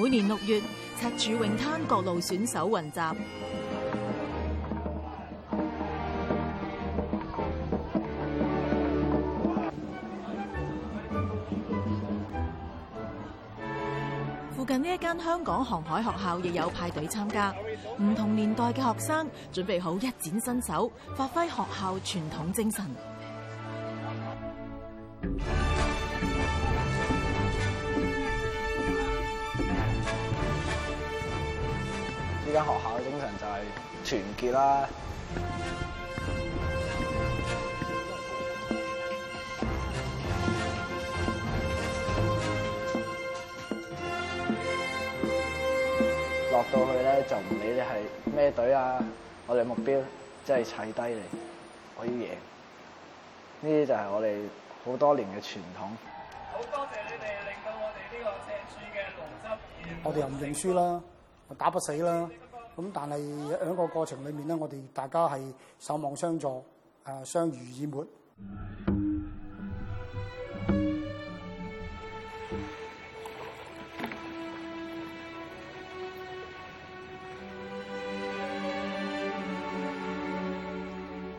每年六月，赤柱泳灘各路選手雲集。附近呢一間香港航海學校亦有派隊參加，唔同年代嘅學生準備好一展身手，發揮學校傳統精神。間學校嘅精神就係團結啦，落到去咧，就唔理你係咩隊啊，我哋目標即係砌低你，贏，我要贏，呢啲就係我哋好多年嘅傳統。好多謝你哋令到我哋呢個赤柱嘅龍舟，我哋又唔認輸啦，我打不死啦。咁但係喺個過程裏面咧，我哋大家係守望相助，誒相濡以沫。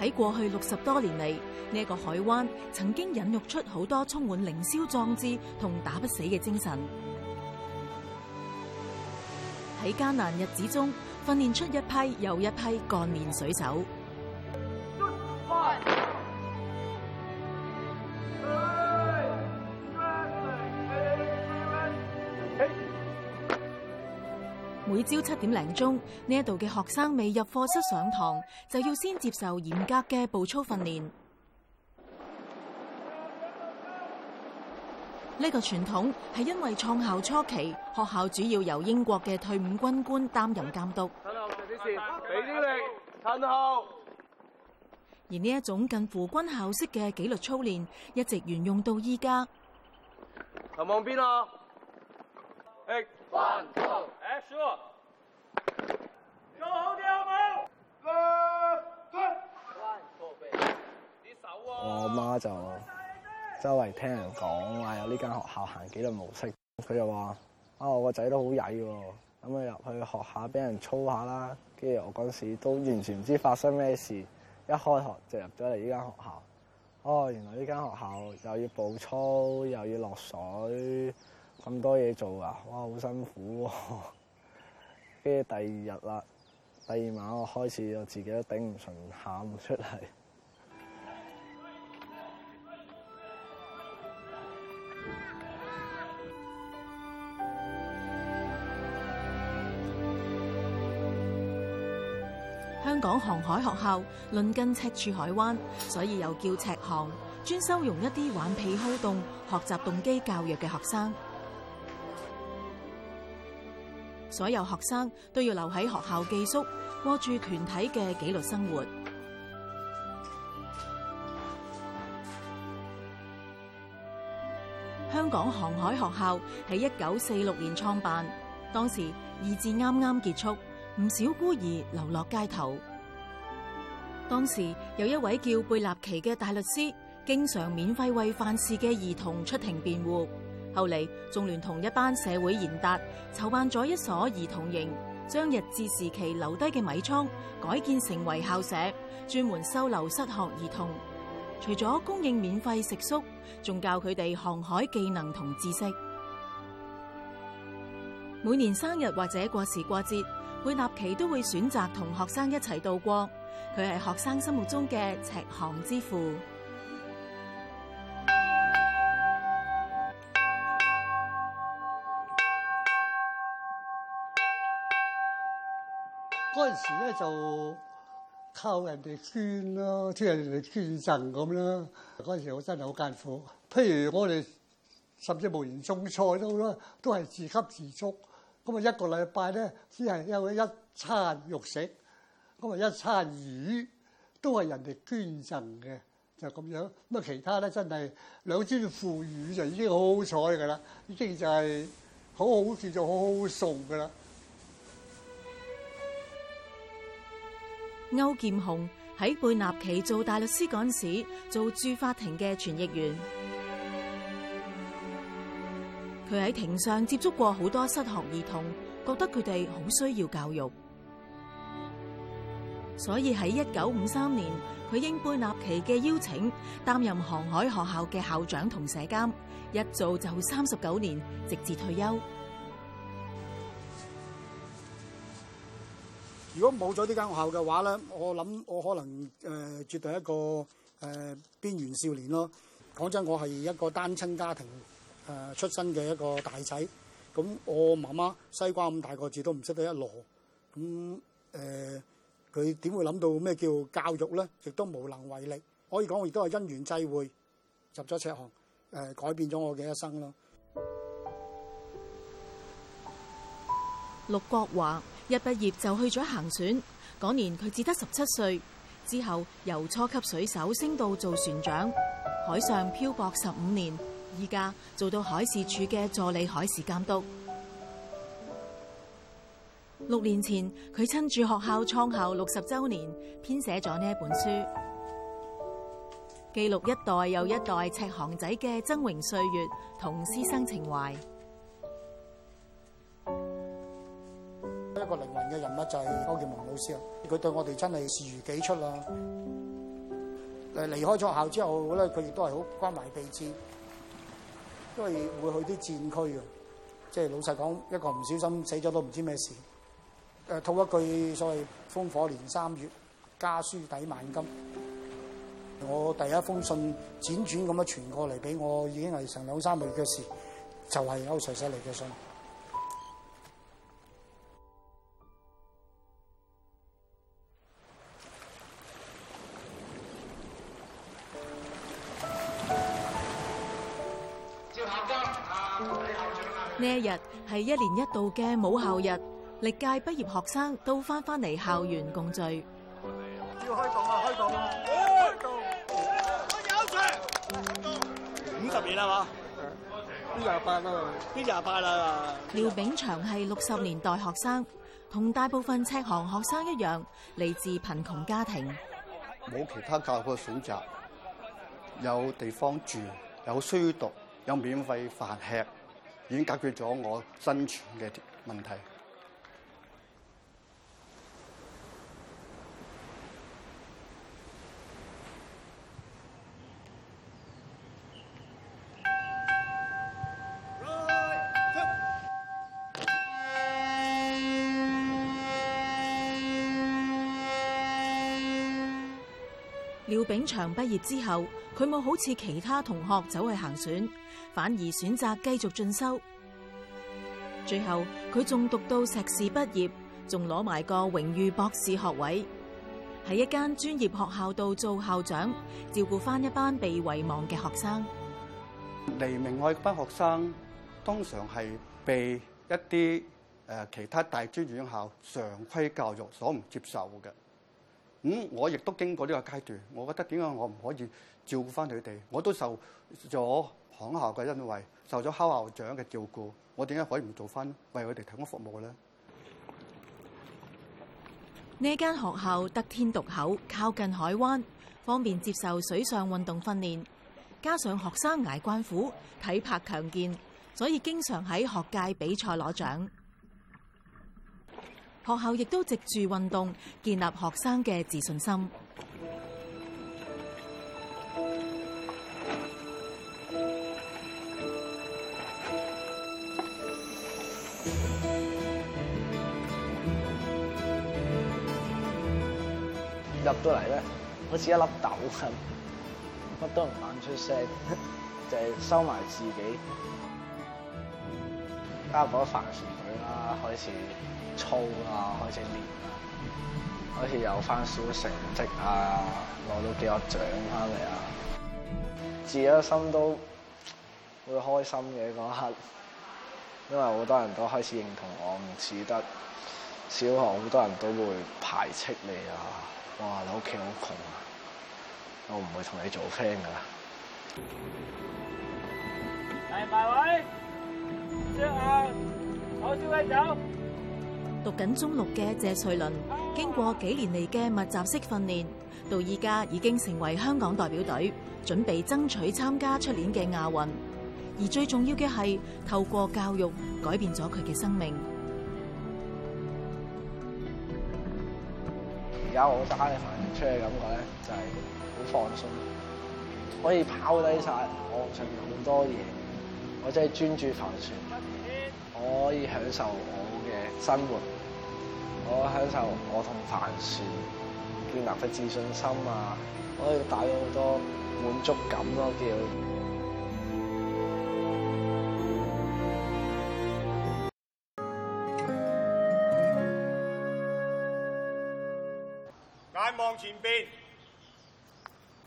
喺過去六十多年嚟，呢、這個海灣曾經孕育出好多充滿凌霄壯志同打不死嘅精神。喺艱難日子中，訓練出一批又一批幹練水手。每朝七點零鐘，呢一度嘅學生未入課室上堂，就要先接受嚴格嘅步操訓練。呢個傳統係因為創校初期學校主要由英國嘅退伍軍官擔任監督。陳浩。而呢一種近乎軍校式嘅紀律操練，一直沿用到依家。好阿你手我，我媽就是。周圍聽人講話，有呢間學校行紀律模式，佢又話：哦，我個仔都好曳喎，咁啊入去學下，俾人操下啦。跟住我嗰時都完全唔知發生咩事，一開學就入咗嚟呢間學校。哦，原來呢間學校又要步操，又要落水，咁多嘢做啊！哇，好辛苦喎。跟住第二日啦，第二晚我開始我自己都頂唔順，喊出嚟。香港航海學校鄰近赤柱海灣，所以又叫赤航，專收容一啲頑皮好動、學習動機較弱嘅學生。所有學生都要留喺學校寄宿，過住團體嘅紀律生活。香港航海學校喺一九四六年創辦，當時二戰啱啱結束，唔少孤兒流落街頭。當時有一位叫貝納奇嘅大律師，經常免費為犯事嘅兒童出庭辯護。後嚟仲聯同一班社會賢達籌辦咗一所兒童營，將日治時期留低嘅米倉改建成為校舍，專門收留失學兒童。除咗供應免費食宿，仲教佢哋航海技能同知識。每年生日或者過時過節，貝納奇都會選擇同學生一齊度過。佢係學生心目中嘅赤航之父。嗰陣時咧就靠人哋捐，即係人哋捐贈咁啦。嗰陣時我真係好艱苦。譬如我哋甚至無言種菜都好啦，都係自給自足。咁啊，一個禮拜咧只係有咗一餐肉食。咁啊，一餐魚都係人哋捐贈嘅，就咁樣。咁啊，其他咧真係兩尊腐乳就已經好好彩嘅啦，已經就係好好似就好好餸嘅啦。歐劍雄喺貝納祺做大律師嗰陣時，做駐法庭嘅傳譯員。佢喺庭上接觸過好多失學兒童，覺得佢哋好需要教育。所以喺一九五三年，佢應貝納奇嘅邀請，擔任航海學校嘅校長同社監，一做就三十九年，直至退休。如果冇咗呢間學校嘅話咧，我諗我可能誒、呃，絕對係一個誒邊緣少年咯。講真，我係一個單親家庭誒、呃、出身嘅一個大仔，咁我媽媽西瓜咁大個字都唔識得一籮，咁誒。呃佢點會諗到咩叫教育呢？亦都無能為力。可以講，我亦都係因緣際會入咗赤航，誒改變咗我嘅一生咯。陸國華一畢業就去咗行船，嗰年佢只得十七歲。之後由初級水手升到做船長，海上漂泊十五年，依家做到海事處嘅助理海事監督。六年前，佢趁住學校創校六十周年，編寫咗呢一本書，記錄一代又一代赤航仔嘅崢嶸歲月同師生情懷。一個靈魂嘅人物就係歐建文老師啊！佢對我哋真係視如己出啦。誒，離開咗校之後咧，佢亦都係好關懷備至，因為會去啲戰區啊，即係老實講，一個唔小心死咗都唔知咩事。誒、啊，套一句所謂烽火連三月，家書抵萬金。我第一封信輾轉咁樣傳過嚟俾我，已經係成兩三個月嘅事，就係、是、歐才才嚟嘅信。呢、啊、一日係一年一度嘅母校日。歷屆畢業學生都翻返嚟校園共聚。要開動啊！開動啊！開動、啊！我動、啊、有食，五十、啊、年啦嘛，啲廿八啦，啲廿八啦。廖炳祥係六十年代學生，同大部分赤航學生一樣，嚟自貧窮家庭，冇其他教育嘅選擇，有地方住，有書讀，有免費飯吃，已經解決咗我生存嘅問題。警場畢業之後，佢冇好似其他同學走去行船，反而選擇繼續進修。最後佢仲讀到碩士畢業，仲攞埋個榮譽博士學位，喺一間專業學校度做校長，照顧返一班被遺忘嘅學生。嚟明愛班學生，通常係被一啲誒其他大專院校常規教育所唔接受嘅。咁、嗯、我亦都經過呢個階段，我覺得點解我唔可以照顧翻佢哋？我都受咗學校嘅恩惠，受咗校長嘅照顧，我點解可以唔做翻為佢哋提供服務呢？呢間學校得天獨厚，靠近海灣，方便接受水上運動訓練。加上學生捱慣苦，體魄強健，所以經常喺學界比賽攞獎。學校亦都藉住運動建立學生嘅自信心。入到嚟咧，好似一粒豆咁，乜都唔敢出聲，就係收埋自己，家夥煩事。開始操啊，開始練啊，開始有翻少成績啊，攞到幾多獎翻嚟啊，自己心都會開心嘅嗰刻，因為好多人都開始認同我，唔似得小學好多人都會排斥你啊！哇，你屋企好窮啊，我唔會同你做 friend 噶啦。嚟埋位，着啊！好，小威走。讀緊中六嘅謝瑞麟，經過幾年嚟嘅密集式訓練，到依家已經成為香港代表隊，準備爭取參加出年嘅亞運。而最重要嘅係，透過教育改變咗佢嘅生命。而家我打嘅帆船出嘅感覺咧，就係好放鬆，可以跑低晒我上咁多嘢，我真係專注帆船。我可以享受我嘅生活，我可以享受我同帆船建立嘅自信心啊！我要帶咗好多滿足感咯，叫。眼望前面，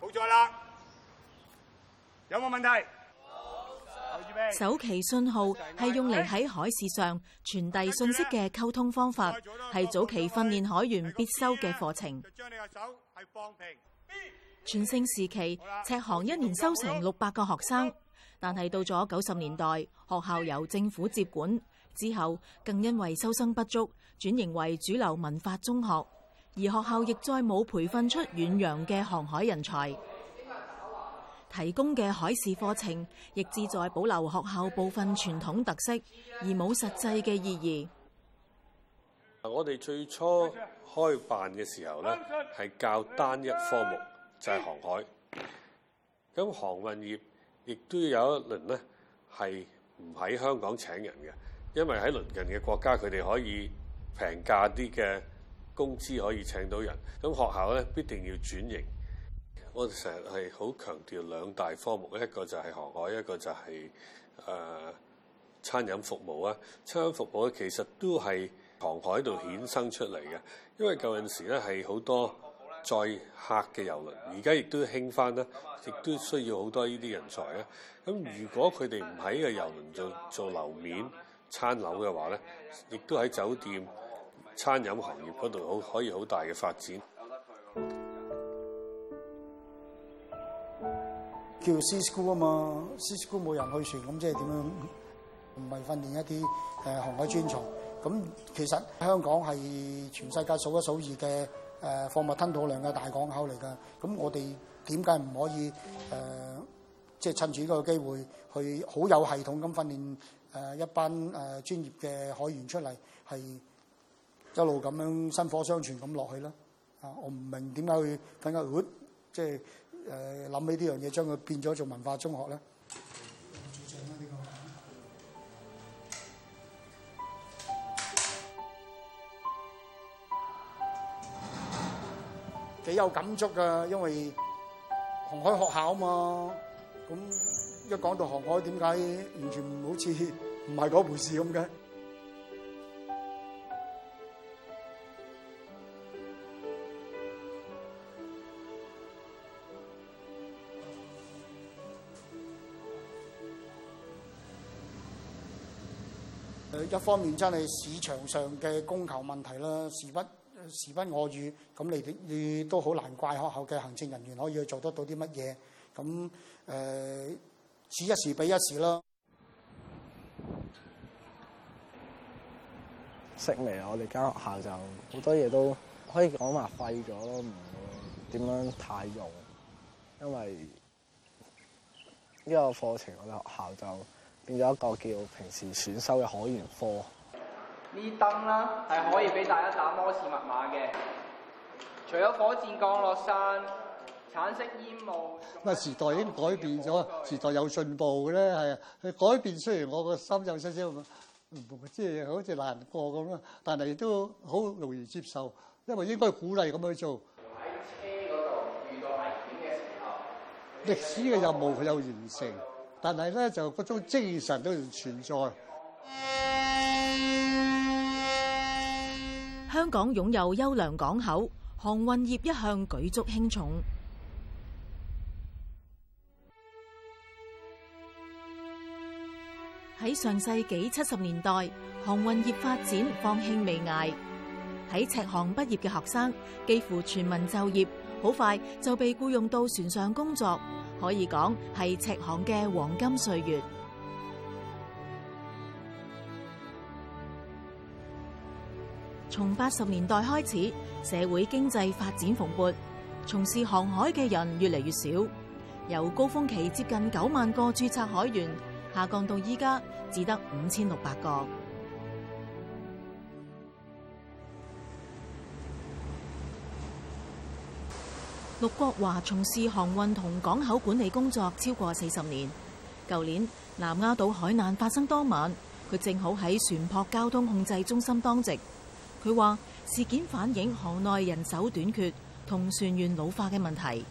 好再啦，有冇問題？首期信號係用嚟喺海事上傳遞信息嘅溝通方法，係早期訓練海員必修嘅課程。B 全盛時期，赤航一年收成六百個學生，但係到咗九十年代，學校由政府接管之後，更因為收生不足，轉型為主流文法中學，而學校亦再冇培訓出遠洋嘅航海人才。提供嘅海事課程，亦旨在保留學校部分傳統特色，而冇實際嘅意義。我哋最初開辦嘅時候咧，係教單一科目，就係、是、航海。咁航運業亦都有一輪呢，係唔喺香港請人嘅，因為喺鄰近嘅國家佢哋可以平價啲嘅工資可以請到人。咁學校咧必定要轉型。我成日係好強調兩大科目，一個就係航海，一個就係、是、誒、呃、餐飲服務啊。餐飲服務其實都係航海度衍生出嚟嘅，因為舊陣時咧係好多載客嘅遊輪，而家亦都興翻啦，亦都需要好多呢啲人才啊。咁如果佢哋唔喺個遊輪做做樓面、餐樓嘅話咧，亦都喺酒店、餐飲行業嗰度好可以好大嘅發展。叫 Sea School 啊嘛，Sea School 冇人去船，咁即係點樣？唔係訓練一啲誒航海專才。咁其實香港係全世界數一數二嘅誒貨物吞吐量嘅大港口嚟㗎。咁我哋點解唔可以誒？即係趁住呢個機會去好有系統咁訓練誒一班誒專業嘅海員出嚟，係一路咁樣薪火相傳咁落去啦。啊，我唔明點解去更加會，即係。誒諗起呢樣嘢，將佢變咗做文法中學咧，幾有感觸噶，因為航海學校啊嘛，咁一講到航海，點解完全唔好似唔係嗰回事咁嘅？一方面真係市場上嘅供求問題啦，時不時不我與，咁你哋你都好難怪學校嘅行政人員可以去做得到啲乜嘢，咁誒，此、呃、一時彼一時咯。熄微，我哋間學校就好多嘢都可以講話廢咗咯，唔點樣太用，因為呢個課程我哋學校就。變咗一個叫平時選修嘅海員科。呢燈啦係可以俾大家打摩斯密碼嘅。除咗火箭降落傘、橙色煙霧。唔係時代已經改變咗，時代有進步嘅咧，係。佢改變雖然我個心有少少，即係好似難過咁啦，但係亦都好容易接受，因為應該鼓勵咁去做。喺車嗰度遇到危險嘅時候，歷史嘅任務佢有完成。但係咧，就嗰種精神都存在。香港擁有優良港口，航運業一向舉足輕重。喺上世紀七十年代，航運業發展方興未艾。喺赤航畢業嘅學生，幾乎全民就業，好快就被僱用到船上工作。可以講係赤航嘅黃金歲月。從八十年代開始，社會經濟發展蓬勃，從事航海嘅人越嚟越少，由高峰期接近九萬個註冊海員，下降到依家只得五千六百個。陸國華從事航運同港口管理工作超過四十年，年。舊年南丫島海難發生當晚，佢正好喺船舶交通控制中心當值。佢話事件反映行內人手短缺同船員老化嘅問題。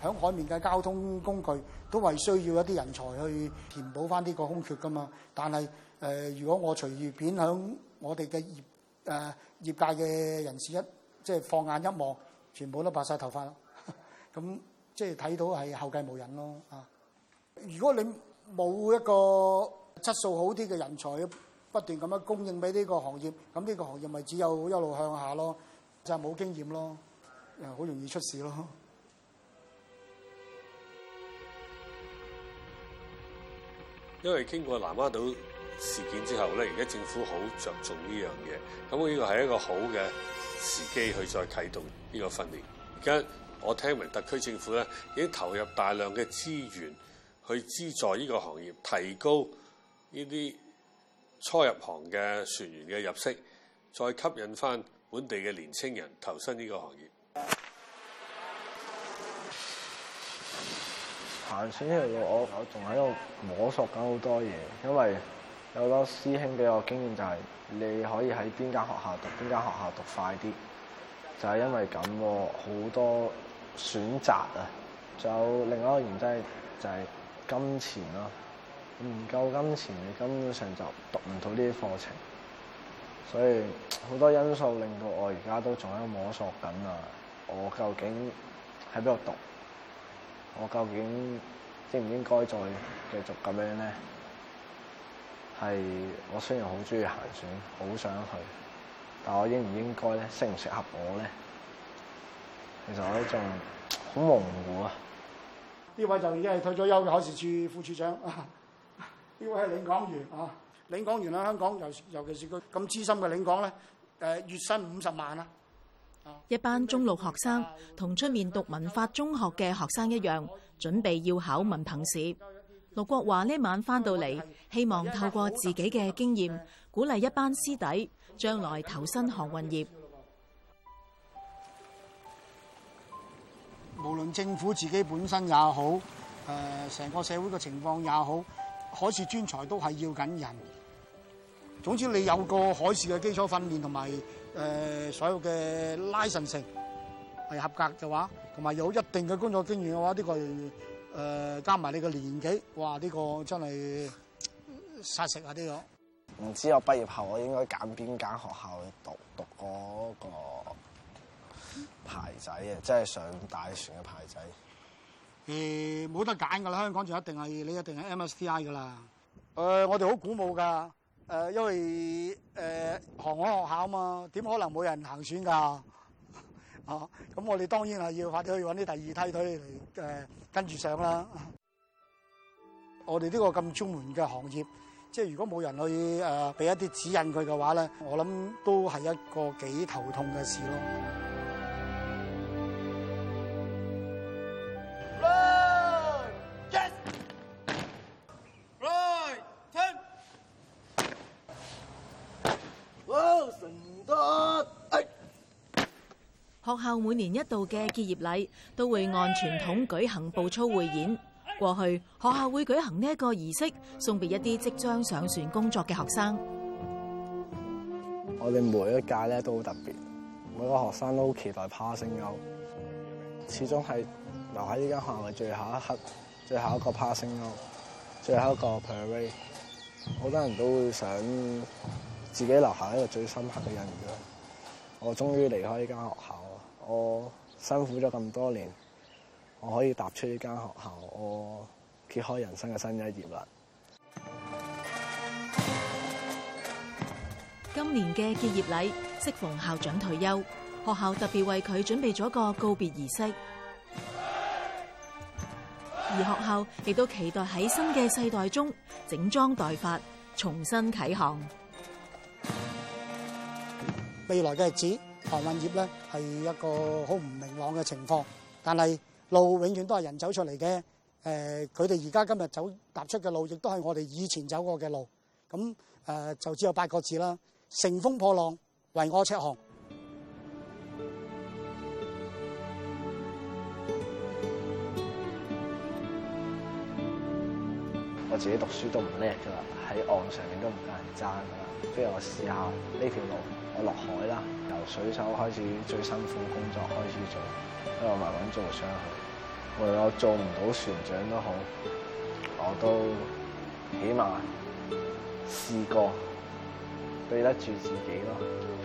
響海面嘅交通工具都係需要一啲人才去填補翻呢個空缺噶嘛。但係誒、呃，如果我隨意便響我哋嘅業誒、呃、業界嘅人士一即係、就是、放眼一望。全部都白晒頭髮咯，咁即係睇到係後繼無人咯啊！如果你冇一個質素好啲嘅人才不斷咁樣供應俾呢個行業，咁呢個行業咪只有一路向下咯，就係冇經驗咯，誒好容易出事咯。因為經過南丫島事件之後咧，而家政府好着重呢樣嘢，咁呢個係一個好嘅。時機去再啟動呢個訓練。而家我聽聞特區政府咧已經投入大量嘅資源去資助呢個行業，提高呢啲初入行嘅船員嘅入息，再吸引翻本地嘅年青人投身呢個行業。行船呢樣嘢，我我仲喺度摸索緊好多嘢，因為。好多師兄俾我經驗就係，你可以喺邊間學校讀，邊間學校讀快啲，就係因為咁好多選擇啊。仲有另一個原因就係金錢咯，唔夠金錢你根本上就讀唔到呢啲課程，所以好多因素令到我而家都仲喺度摸索緊啊。我究竟喺邊度讀？我究竟應唔應該再繼續咁樣咧？係，我雖然好中意行船，好想去，但我應唔應該咧？適唔適合我咧？其實我仲好模糊啊！呢位就已經係退咗休嘅考試處副處長，呢位係領港員啊！領港員喺香港，尤尤其是個咁資深嘅領港咧，誒月薪五十萬啊！一班中六學生同出面讀文法中學嘅學生一樣，準備要考文憑試。陸國華呢晚翻到嚟，希望透過自己嘅經驗，鼓勵一班師弟將來投身航運業。無論政府自己本身也好，誒、呃，成個社會嘅情況也好，海事專才都係要緊人。總之，你有個海事嘅基礎訓練同埋誒，所有嘅 license 係合格嘅話，同埋有一定嘅工作經驗嘅話，呢、這個。誒、呃、加埋你個年紀，哇！呢、這個真係、呃、殺食啊！呢、這個唔知我畢業後我應該揀邊間學校去讀讀嗰個牌仔啊，即係上大船嘅牌仔。誒冇、呃、得揀㗎啦，香港就一定係你一定係 M S C I 㗎啦。誒，我哋好鼓舞㗎。誒、呃，因為誒、呃、航海學校啊嘛，點可能冇人行選㗎？啊！咁我哋當然係要快啲去揾啲第二梯隊嚟誒，跟住上啦。我哋呢個咁專門嘅行業，即係如果冇人去誒俾、呃、一啲指引佢嘅話咧，我諗都係一個幾頭痛嘅事咯。年一度嘅結業禮都會按傳統舉行步操匯演。過去學校會舉行呢一個儀式，送別一啲即將上船工作嘅學生。我哋每一屆咧都好特別，每個學生都好期待 passing out，始終係留喺呢間學校嘅最後一刻，最後一個 passing out，最後一個 parade，好多人都會想自己留下一個最深刻嘅印象。我終於離開呢間學校。我辛苦咗咁多年，我可以踏出呢間學校，我揭開人生嘅新一頁啦！今年嘅結業禮，適逢校長退休，學校特別為佢準備咗個告別儀式，而學校亦都期待喺新嘅世代中整裝待發，重新啟航。未來嘅日子。航運業咧，係一個好唔明朗嘅情況，但係路永遠都係人走出嚟嘅。誒、呃，佢哋而家今日走踏出嘅路，亦都係我哋以前走過嘅路。咁誒、呃，就只有八個字啦，乘風破浪，為我赤航。我自己讀書都唔叻嘅。喺岸上面都唔夠人爭啦，不如我試下呢條路，我落海啦，由水手開始最辛苦工作開始做，咁我慢慢做上去。無論我做唔到船長都好，我都起碼試過，對得住自己咯。